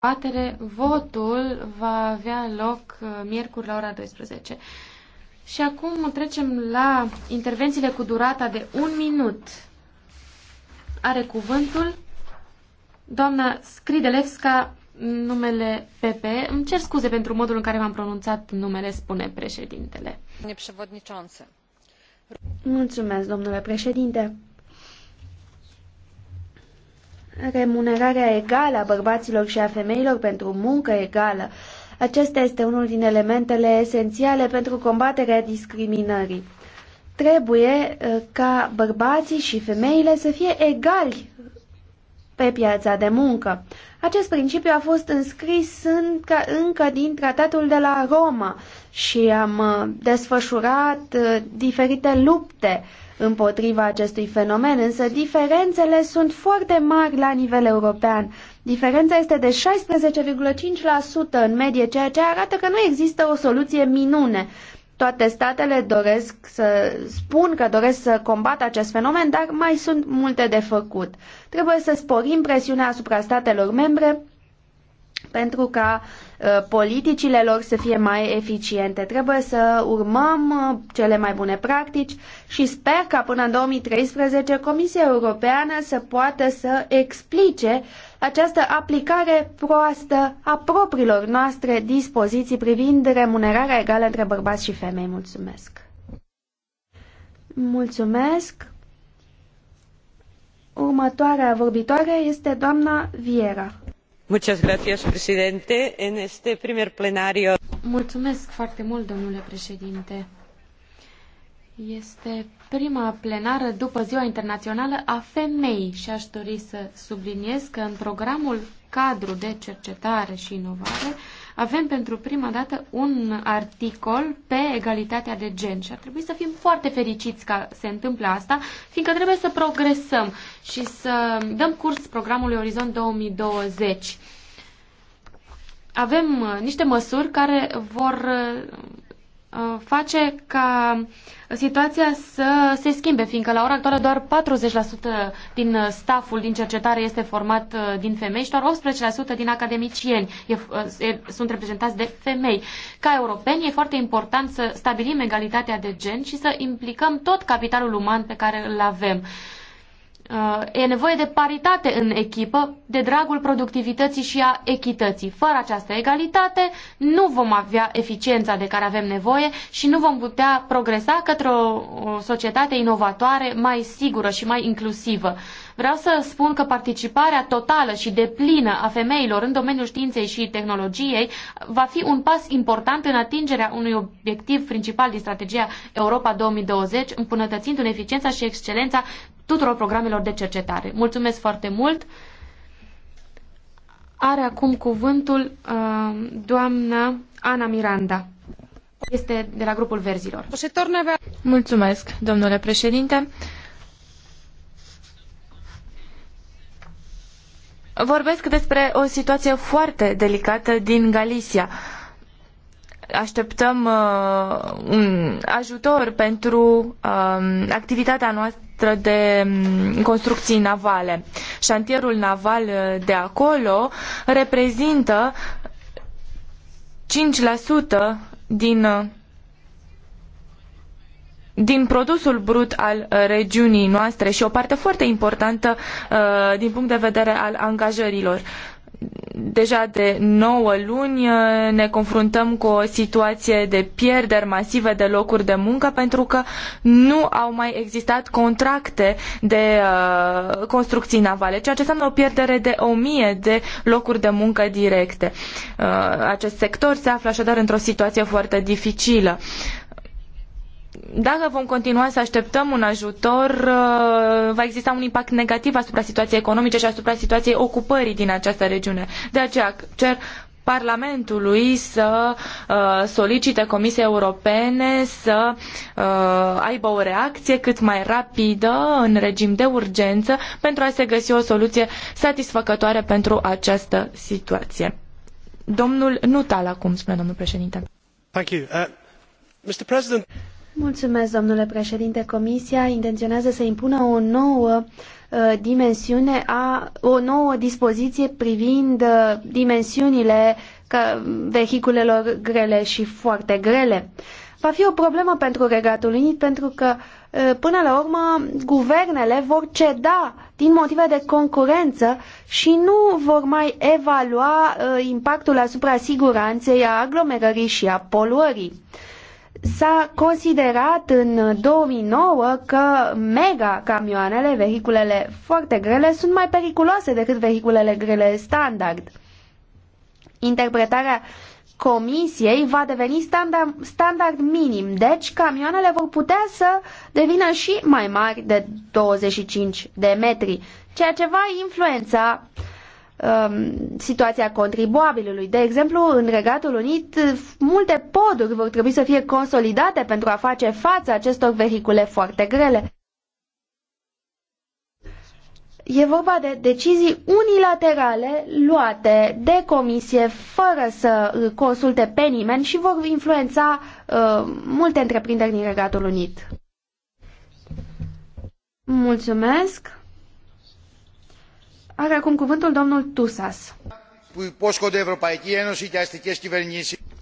dezbatere, votul va avea loc uh, miercuri la ora 12. Și acum trecem la intervențiile cu durata de un minut. Are cuvântul doamna Scridelevska, numele PP. Îmi cer scuze pentru modul în care v-am pronunțat numele, spune președintele. Mulțumesc, domnule președinte remunerarea egală a bărbaților și a femeilor pentru muncă egală. Acesta este unul din elementele esențiale pentru combaterea discriminării. Trebuie uh, ca bărbații și femeile să fie egali pe piața de muncă. Acest principiu a fost înscris încă, încă din tratatul de la Roma și am uh, desfășurat uh, diferite lupte împotriva acestui fenomen, însă diferențele sunt foarte mari la nivel european. Diferența este de 16,5% în medie, ceea ce arată că nu există o soluție minune. Toate statele doresc să spun că doresc să combată acest fenomen, dar mai sunt multe de făcut. Trebuie să sporim presiunea asupra statelor membre pentru ca ă, politicile lor să fie mai eficiente. Trebuie să urmăm ă, cele mai bune practici și sper ca până în 2013 Comisia Europeană să poată să explice această aplicare proastă a propriilor noastre dispoziții privind remunerarea egală între bărbați și femei. Mulțumesc! Mulțumesc! Următoarea vorbitoare este doamna Viera. Muchas gracias, presidente. En este primer plenario. Mulțumesc foarte mult, domnule președinte. Este prima plenară după Ziua Internațională a Femeii și aș dori să subliniez că în programul cadru de cercetare și inovare avem pentru prima dată un articol pe egalitatea de gen și ar trebui să fim foarte fericiți că se întâmplă asta, fiindcă trebuie să progresăm și să dăm curs programului Orizont 2020. Avem uh, niște măsuri care vor uh, Uh, face ca situația să se schimbe, fiindcă la ora actuală doar 40% din uh, staful din cercetare este format uh, din femei și doar 18% din academicieni sunt reprezentați de femei. Ca europeni e foarte important să stabilim egalitatea de gen și să implicăm tot capitalul uman pe care îl avem. Uh, e nevoie de paritate în echipă, de dragul productivității și a echității. Fără această egalitate nu vom avea eficiența de care avem nevoie și nu vom putea progresa către o, societate inovatoare, mai sigură și mai inclusivă. Vreau să spun că participarea totală și deplină a femeilor în domeniul științei și tehnologiei va fi un pas important în atingerea unui obiectiv principal din strategia Europa 2020, îmbunătățind în eficiența și excelența tuturor programelor de cercetare. Mulțumesc foarte mult! Are acum cuvântul uh, doamna Ana Miranda. Este de la grupul Verzilor. Mulțumesc, domnule președinte. Vorbesc despre o situație foarte delicată din Galicia. Așteptăm uh, un ajutor pentru uh, activitatea noastră noastră de mm, construcții navale. Șantierul naval uh, de acolo reprezintă 5% din uh, din produsul brut al uh, regiunii noastre și o parte foarte importantă din punct de vedere al angajărilor deja de 9 luni uh, ne confruntăm cu o situație de pierderi masive de locuri de muncă pentru că nu au mai existat contracte de uh, construcții navale, ceea ce înseamnă o pierdere de o mie de locuri de muncă directe. Uh, acest sector se află așadar într-o situație foarte dificilă dacă vom continua să așteptăm un ajutor, uh, va exista un impact negativ asupra situației economice și asupra situației ocupării din această regiune. De aceea cer Parlamentului să uh, solicite Comisiei Europene să uh, aibă o reacție cât mai rapidă în regim de urgență pentru a se găsi o soluție satisfăcătoare pentru această situație. Domnul Nutal acum, spune domnul președinte. Thank you. Uh, Mr. President... Mulțumesc, domnule președinte. Comisia intenționează să impună o nouă uh, dimensiune a o nouă dispoziție privind uh, dimensiunile ca, vehiculelor grele și foarte grele. Va fi o problemă pentru Regatul Unit pentru că uh, până la urmă guvernele vor ceda din motive de concurență și nu vor mai evalua impactul asupra siguranței, a aglomerării și a poluării. S-a considerat în 2009 că mega camioanele, vehiculele foarte grele, sunt mai periculoase decât vehiculele grele standard. Interpretarea Comisiei va deveni standard, standard minim, deci camioanele vor putea să devină și mai mari de 25 de metri, ceea ce va influența uh, Um, situația contribuabilului. De exemplu, în Regatul Unit, multe poduri vor trebui să fie consolidate pentru a face față acestor vehicule foarte grele. E vorba de decizii unilaterale luate de comisie fără să consulte pe nimeni și vor influența uh, multe întreprinderi din Regatul Unit. Mulțumesc! Are acum cuvântul domnul Tusas.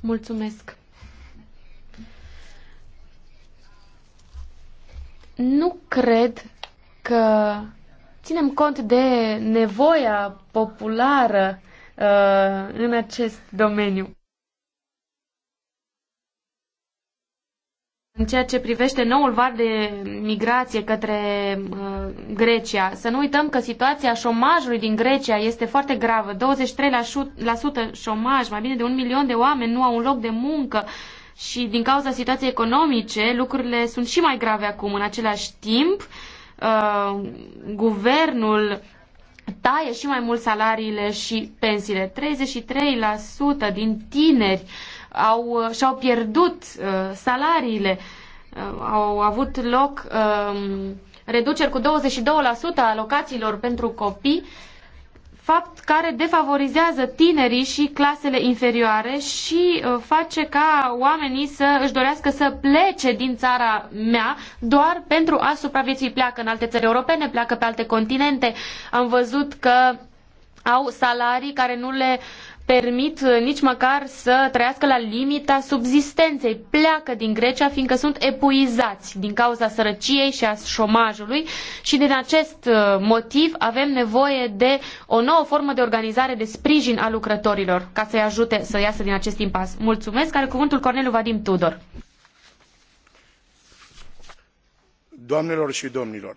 Mulțumesc. Nu cred că ținem cont de nevoia populară uh, în acest domeniu. În ceea ce privește noul var de migrație către uh, Grecia, să nu uităm că situația șomajului din Grecia este foarte gravă. 23% șomaj, mai bine de un milion de oameni nu au un loc de muncă și din cauza situației economice lucrurile sunt și mai grave acum. În același timp, uh, guvernul taie și mai mult salariile și pensiile. 33% din tineri uh, au, uh, și-au pierdut uh, salariile, uh, au avut loc uh, reduceri cu 22% a pentru copii, fapt care defavorizează tinerii și clasele inferioare și uh, face ca oamenii să își dorească să plece din țara mea doar pentru a supraviețui. Pleacă în alte țări europene, pleacă pe alte continente. Am văzut că au salarii care nu le permit uh, nici măcar să trăiască la limita subzistenței. Pleacă din Grecia fiindcă sunt epuizați din cauza sărăciei și a șomajului și din acest uh, motiv avem nevoie de o nouă formă de organizare de sprijin a lucrătorilor ca să-i ajute să iasă din acest impas. Mulțumesc. Are cuvântul Corneliu Vadim Tudor. Doamnelor și domnilor,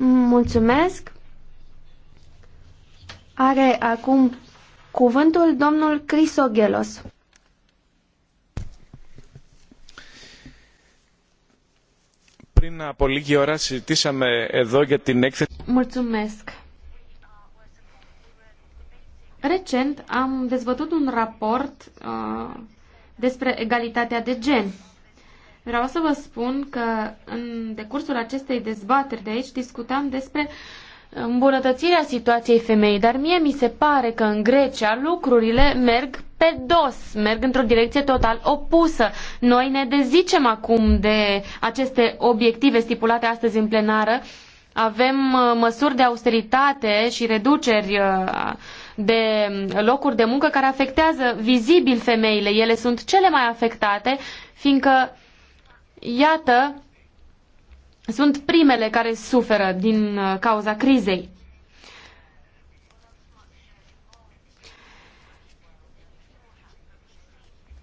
Mulțumesc. Are acum cuvântul domnul Crisogelos. Πριν από λίγη ώρα συζητήσαμε εδώ για την έκθεση. Mulțumesc. Recent am dezbătut un raport uh, despre egalitatea de gen. Vreau să vă spun că în decursul acestei dezbateri de aici discutam despre îmbunătățirea situației femeii, dar mie mi se pare că în Grecia lucrurile merg pe dos, merg într-o direcție total opusă. Noi ne dezicem acum de aceste obiective stipulate astăzi în plenară. Avem uh, măsuri de austeritate și reduceri uh, de locuri de muncă care afectează vizibil femeile. Ele sunt cele mai afectate, fiindcă iată, sunt primele care suferă din uh, cauza crizei.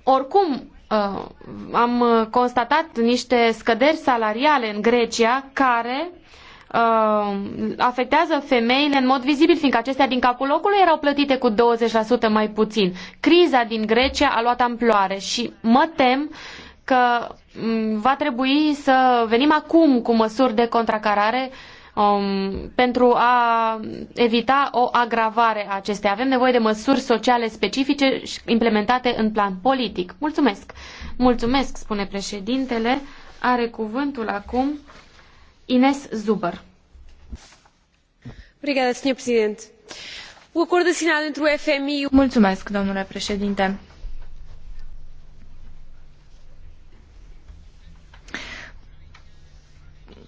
Oricum, uh, am constatat niște scăderi salariale în Grecia care uh, afectează femeile în mod vizibil, fiindcă acestea din capul locului erau plătite cu 20% mai puțin. Criza din Grecia a luat amploare și mă tem că Mm, va trebui să venim acum cu măsuri de contracarare um, pentru a evita o agravare a acesteia. Avem nevoie de măsuri sociale specifice implementate în plan politic. Mulțumesc! Mulțumesc, spune președintele. Are cuvântul acum Ines Zuber. Obrigada, Sr. Presidente. O acordo assinado entre o FMI e o... Mulțumesc, domnule președinte.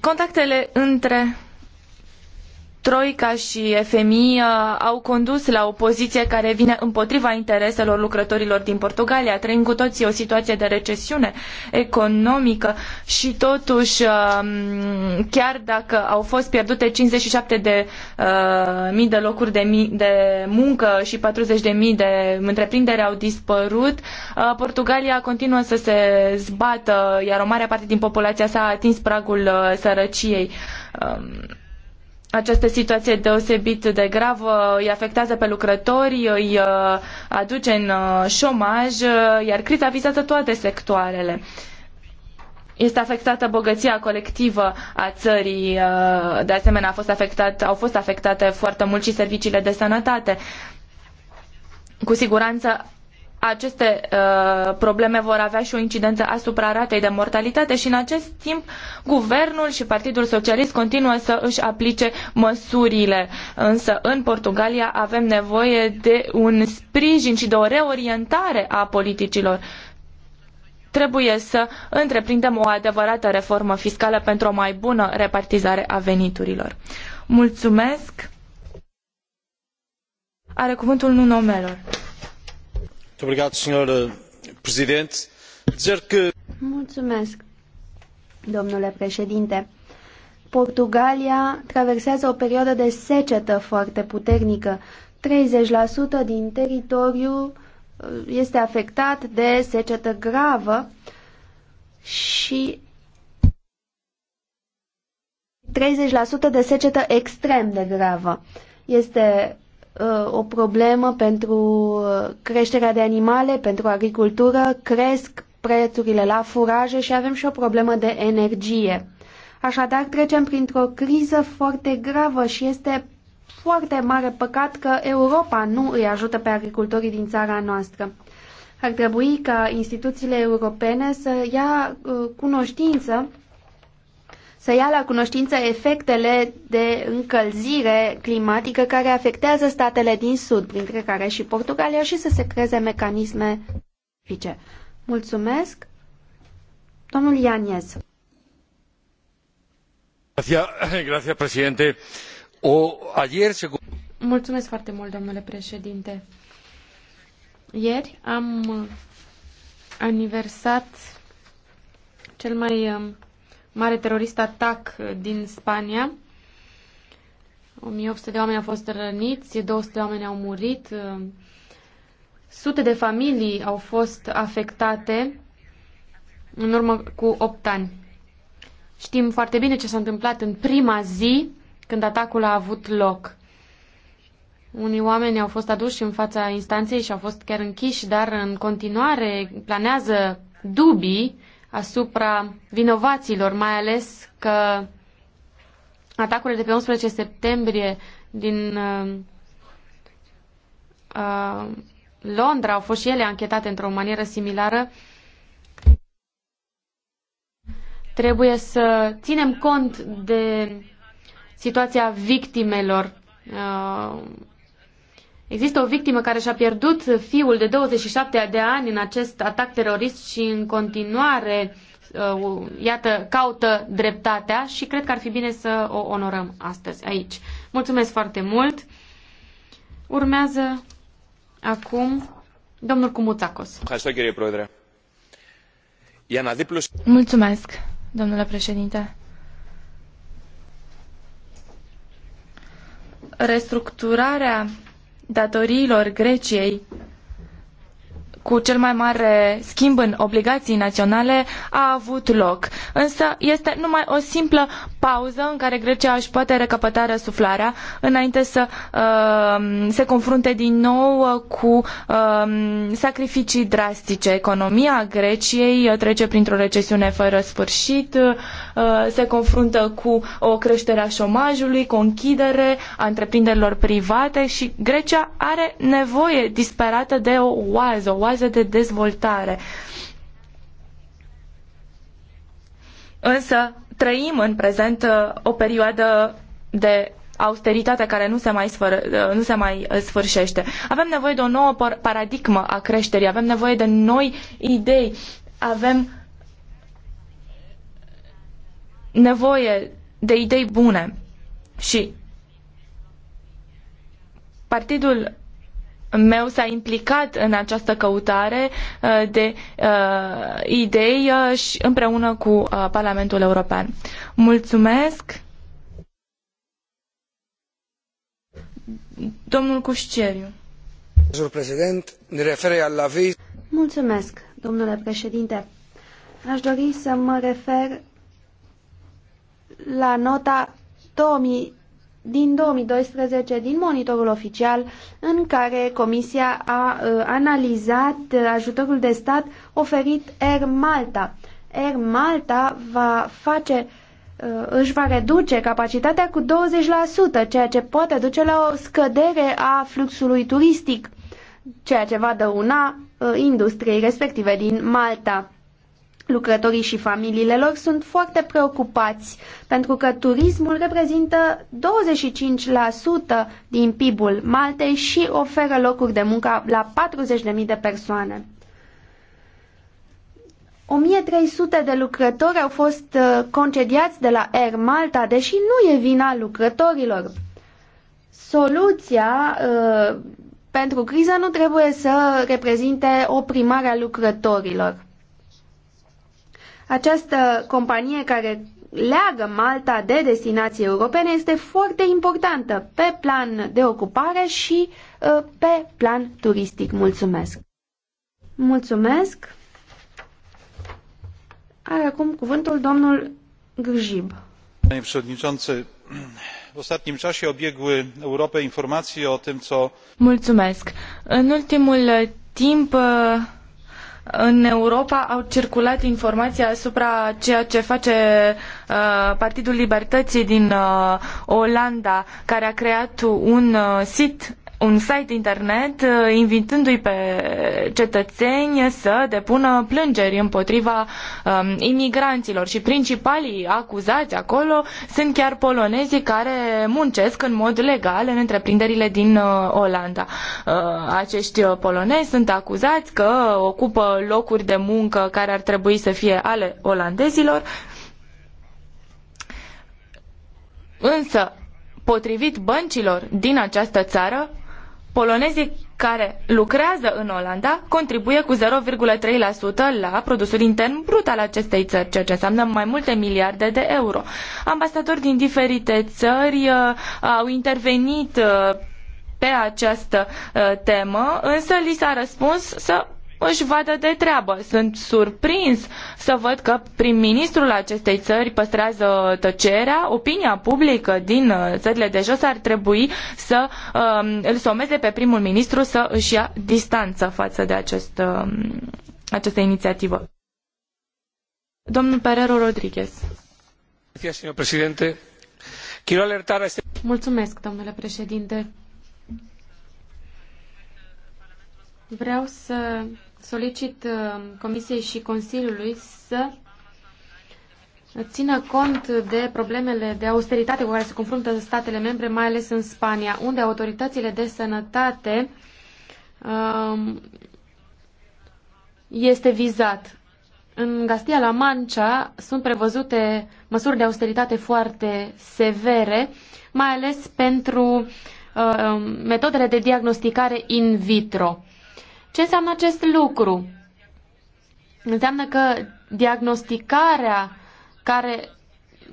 contactele între Troica și FMI uh, au condus la o poziție care vine împotriva intereselor lucrătorilor din Portugalia. Trăim cu toții o situație de recesiune economică și totuși, um, chiar dacă au fost pierdute 57 de uh, mii de locuri de, de muncă și 40 de mii de întreprinderi au dispărut, uh, Portugalia continuă să se zbată, iar o mare parte din populația sa a atins pragul sărăciei. Um, această situație deosebit de gravă îi afectează pe lucrători, îi uh, aduce în uh, șomaj, uh, iar criza vizează toate sectoarele. Este afectată bogăția colectivă a țării, de asemenea fost afectat, au fost afectate foarte mult și serviciile de sănătate. Cu siguranță aceste uh, probleme vor avea și o incidență asupra ratei de mortalitate și în acest timp guvernul și Partidul Socialist continuă să își aplice măsurile. Însă în Portugalia avem nevoie de un sprijin și de o reorientare a politicilor. Trebuie să întreprindem o adevărată reformă fiscală pentru o mai bună repartizare a veniturilor. Mulțumesc! Are cuvântul Nuno Melor. Eh, domnule președinte. Portugalia traversează o perioadă de secetă foarte puternică. 30% din teritoriu eh, este afectat de secetă gravă și 30% de secetă extrem de gravă. Este o problemă pentru uh, creșterea de animale, pentru agricultură, cresc prețurile la furaje și avem și o problemă de energie. Așadar, trecem printr-o criză foarte gravă și este foarte mare păcat că Europa nu îi ajută pe agricultorii din țara noastră. Ar trebui ca instituțiile europene să ia uh, cunoștință să ia la cunoștință efectele de încălzire climatică care afectează statele din sud, printre care și Portugalia, și să se creeze mecanisme fice. Mulțumesc. Domnul Ianiez. Mulțumesc foarte mult, domnule președinte. Ieri am uh, aniversat cel mai um, mare terorist atac din Spania. 1800 de oameni au fost răniți, 200 de oameni au murit, sute de familii au fost afectate în urmă cu 8 ani. Știm foarte bine ce s-a întâmplat în prima zi când atacul a avut loc. Unii oameni au fost aduși în fața instanței și au fost chiar închiși, dar în continuare planează dubii asupra vinovaților, mai ales că atacurile de pe 11 septembrie din uh, uh, Londra au fost și ele anchetate într-o manieră similară. Trebuie să ținem cont de situația victimelor uh, Există o victimă care și-a pierdut fiul de 27 de ani în acest atac terorist și în continuare, uh, iată, caută dreptatea și cred că ar fi bine să o onorăm astăzi aici. Mulțumesc foarte mult! Urmează acum domnul Cumuțacos. Mulțumesc, domnule președinte. Restructurarea datoriilor Greciei cu cel mai mare schimb în obligații naționale a avut loc. Însă este numai o simplă pauză în care Grecia își poate recapăta răsuflarea înainte să uh, se confrunte din nou uh, cu uh, sacrificii drastice. Economia Greciei uh, trece printr-o recesiune fără sfârșit, uh, se confruntă cu o creștere a șomajului, cu o închidere a întreprinderilor private și Grecia are nevoie disperată de o oază, o oază fază de dezvoltare. Însă trăim în prezent uh, o perioadă de austeritate care nu se mai, sfâr, uh, nu se mai uh, sfârșește. Avem nevoie de o nouă paradigmă a creșterii, avem nevoie de noi idei, avem nevoie de idei bune. Și Partidul meu s-a implicat în această căutare uh, de uh, idei uh, și împreună cu Parlamentul European. Mulțumesc! Domnul Cușceriu. Domnul președinte, ne refer la viz. Mulțumesc, domnule președinte. Aș dori să mă refer la nota 2000 din 2012 din monitorul oficial în care Comisia a ă, analizat ajutorul de stat oferit Air Malta. Air Malta va face ă, își va reduce capacitatea cu 20%, ceea ce poate duce la o scădere a fluxului turistic, ceea ce va dăuna ă, industriei respective din Malta. Lucrătorii și familiile lor sunt foarte preocupați pentru că turismul reprezintă 25% din PIB-ul Maltei și oferă locuri de muncă la 40.000 de persoane. 1300 de lucrători au fost uh, concediați de la Air Malta, deși nu e vina lucrătorilor. Soluția uh, pentru criză nu trebuie să reprezinte oprimarea lucrătorilor. Această companie care leagă Malta de destinații europene este foarte importantă pe plan de ocupare și uh, pe plan turistic. Mulțumesc! Mulțumesc! Are acum cuvântul domnul Grzib. Panie przewodniczący, w ostatnim czasie obiegły Europę informacje o tym, co... Mulțumesc! În ultimul timp uh, în Europa au circulat informații asupra ceea ce face uh, Partidul Libertății din uh, Olanda, care a creat un uh, sit un site internet uh, invitându-i pe cetățeni să depună plângeri împotriva um, imigranților și principalii acuzați acolo sunt chiar polonezii care muncesc în mod legal în întreprinderile din uh, Olanda. Uh, acești uh, polonezi sunt acuzați că ocupă locuri de muncă care ar trebui să fie ale olandezilor. Însă, potrivit băncilor din această țară, polonezii care lucrează în Olanda contribuie cu 0,3% la produsul intern brut al acestei țări, ceea ce înseamnă mai multe miliarde de euro. Ambasadori din diferite țări uh, au intervenit uh, pe această uh, temă, însă li s-a răspuns să își vadă de treabă. Sunt surprins să văd că prim-ministrul acestei țări păstrează tăcerea. Opinia publică din uh, țările de jos ar trebui să um, îl someze pe primul ministru să își ia distanță față de acest, um, această inițiativă. Domnul Perero Rodriguez. Mulțumesc, domnule președinte. Vreau să solicit uh, Comisiei și Consiliului să țină cont de problemele de austeritate cu care se confruntă statele membre, mai ales în Spania, unde autoritățile de sănătate um, este vizat. În Gastia la Mancha sunt prevăzute măsuri de austeritate foarte severe, mai ales pentru uh, um, metodele de diagnosticare in vitro. Ce înseamnă acest lucru? Înseamnă că diagnosticarea care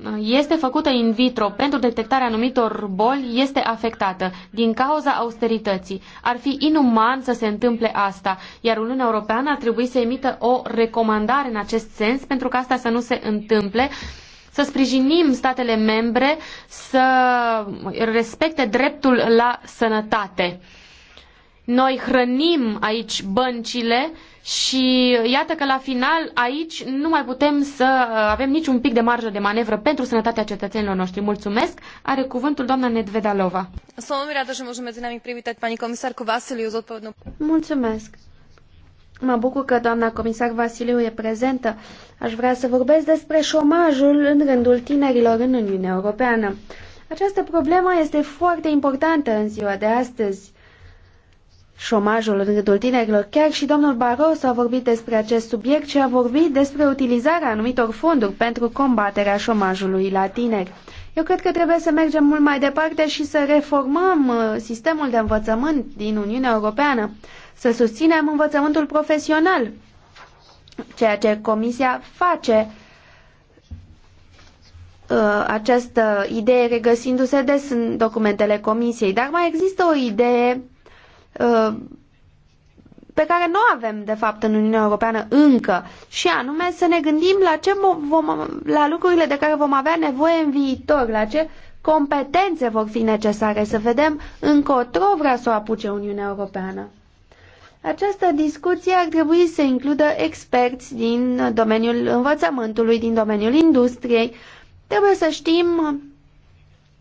uh, este făcută in vitro pentru detectarea anumitor boli este afectată din cauza austerității. Ar fi inuman să se întâmple asta, iar Uniunea Europeană ar trebui să emită o recomandare în acest sens pentru ca asta să nu se întâmple să sprijinim statele membre să respecte dreptul la sănătate. Noi hrănim aici băncile și iată că la final aici nu mai putem să uh, avem niciun pic de marjă de manevră pentru sănătatea cetățenilor noștri. Mulțumesc. Are cuvântul doamna Nedvedalova. Mulțumesc. Mă bucur că doamna comisar Vasiliu e prezentă. Aș vrea să vorbesc despre șomajul în rândul tinerilor în Uniunea Europeană. Această problemă este foarte importantă în ziua de astăzi șomajul în rândul tinerilor. Chiar și domnul Barroso a vorbit despre acest subiect și a vorbit despre utilizarea anumitor fonduri pentru combaterea șomajului la tineri. Eu cred că trebuie să mergem mult mai departe și să reformăm uh, sistemul de învățământ din Uniunea Europeană, să susținem învățământul profesional, ceea ce Comisia face uh, această idee regăsindu-se des în documentele Comisiei. Dar mai există o idee Uh, pe care nu avem, de fapt, în Uniunea Europeană încă, și anume să ne gândim la, ce vom, la lucrurile de care vom avea nevoie în viitor, la ce competențe vor fi necesare, să vedem încotro vrea să o apuce Uniunea Europeană. Această discuție ar trebui să includă experți din domeniul învățământului, din domeniul industriei. Trebuie să știm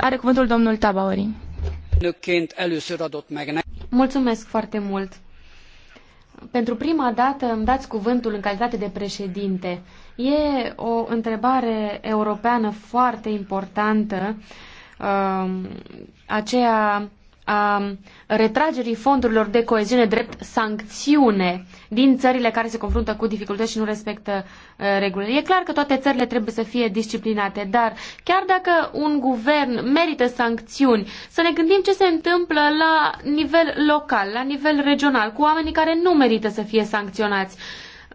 Are cuvântul domnul Tabaori. Mulțumesc foarte mult. Pentru prima dată îmi dați cuvântul în calitate de președinte. E o întrebare europeană foarte importantă, um, aceea a retragerii fondurilor de coeziune drept sancțiune din țările care se confruntă cu dificultăți și nu respectă uh, regulile. E clar că toate țările trebuie să fie disciplinate, dar chiar dacă un guvern merită sancțiuni, să ne gândim ce se întâmplă la nivel local, la nivel regional, cu oamenii care nu merită să fie sancționați.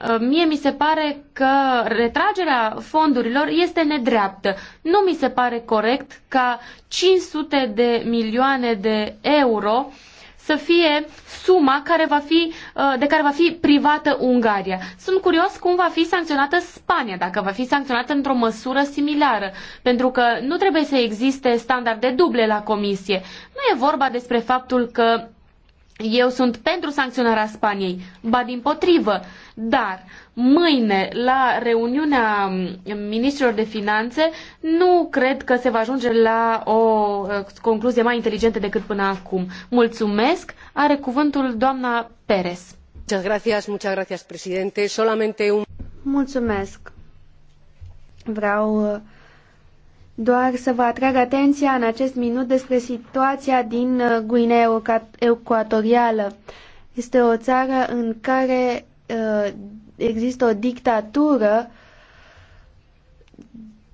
Uh, mie mi se pare că retragerea fondurilor este nedreaptă. Nu mi se pare corect ca 500 de milioane de euro să fie suma care va fi, uh, de care va fi privată Ungaria. Sunt curios cum va fi sancționată Spania, dacă va fi sancționată într-o măsură similară, pentru că nu trebuie să existe standarde duble la comisie. Nu e vorba despre faptul că eu sunt pentru sancționarea Spaniei, ba din potrivă, dar mâine la reuniunea ministrilor de finanțe nu cred că se va ajunge la o uh, concluzie mai inteligentă decât până acum. Mulțumesc, are cuvântul doamna Perez. Mulțumesc. Vreau uh, doar să vă atrag atenția în acest minut despre situația din uh, Guinea Ecuatorială. Este o țară în care uh, există o dictatură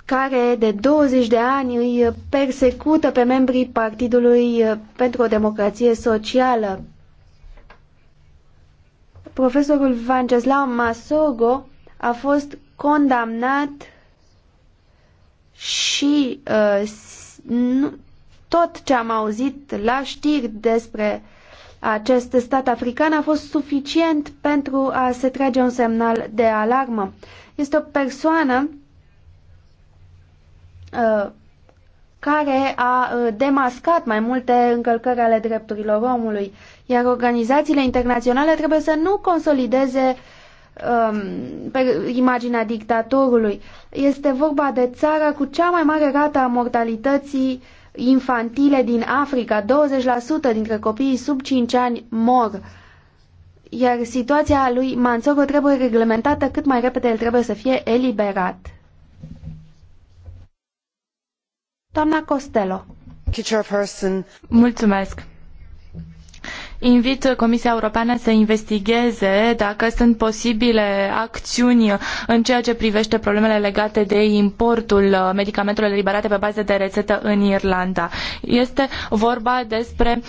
care de 20 de ani îi persecută pe membrii Partidului uh, pentru o Democrație Socială. Profesorul Vanceslav Masogo a fost condamnat și uh, tot ce am auzit la știri despre acest stat african a fost suficient pentru a se trage un semnal de alarmă. Este o persoană uh, care a uh, demascat mai multe încălcări ale drepturilor omului, iar organizațiile internaționale trebuie să nu consolideze Um, pe imaginea dictatorului. Este vorba de țara cu cea mai mare rată a mortalității infantile din Africa. 20% dintre copiii sub 5 ani mor. Iar situația lui Manzoro trebuie reglementată cât mai repede el trebuie să fie eliberat. Doamna Costello. Mulțumesc. Invit Comisia Europeană să investigheze dacă sunt posibile acțiuni în ceea ce privește problemele legate de importul medicamentelor eliberate pe bază de rețetă în Irlanda. Este vorba despre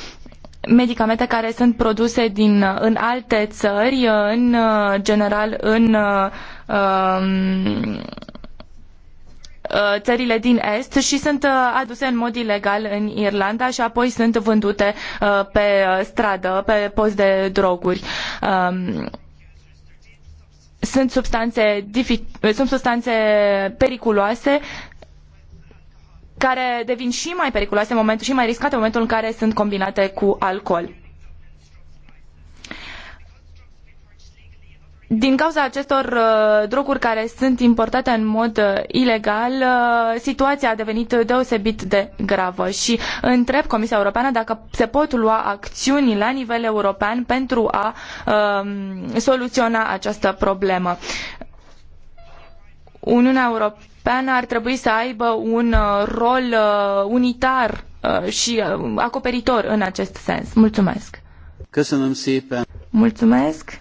medicamente care sunt produse din, în alte țări, în uh, general în uh, um, Uh, țările din Est și sunt uh, aduse în mod ilegal în Irlanda și apoi sunt vândute uh, pe stradă, pe post de droguri um, sunt substanțe, sunt substanțe periculoase care devin și mai periculoase și mai riscate în momentul în care sunt combinate cu alcool. din cauza acestor uh, droguri care sunt importate în mod uh, ilegal, uh, situația a devenit deosebit de gravă și întreb Comisia Europeană dacă se pot lua acțiuni la nivel european pentru a um, soluționa această problemă. Uniunea Europeană ar trebui să aibă un rol unitar și acoperitor în acest sens. Mulțumesc! Mulțumesc!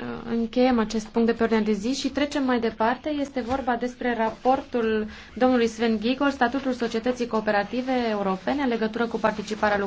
Uh, încheiem acest punct de pe ordinea de zi și trecem mai departe. Este vorba despre raportul domnului Sven Giegold, statutul societății cooperative europene în legătură cu participarea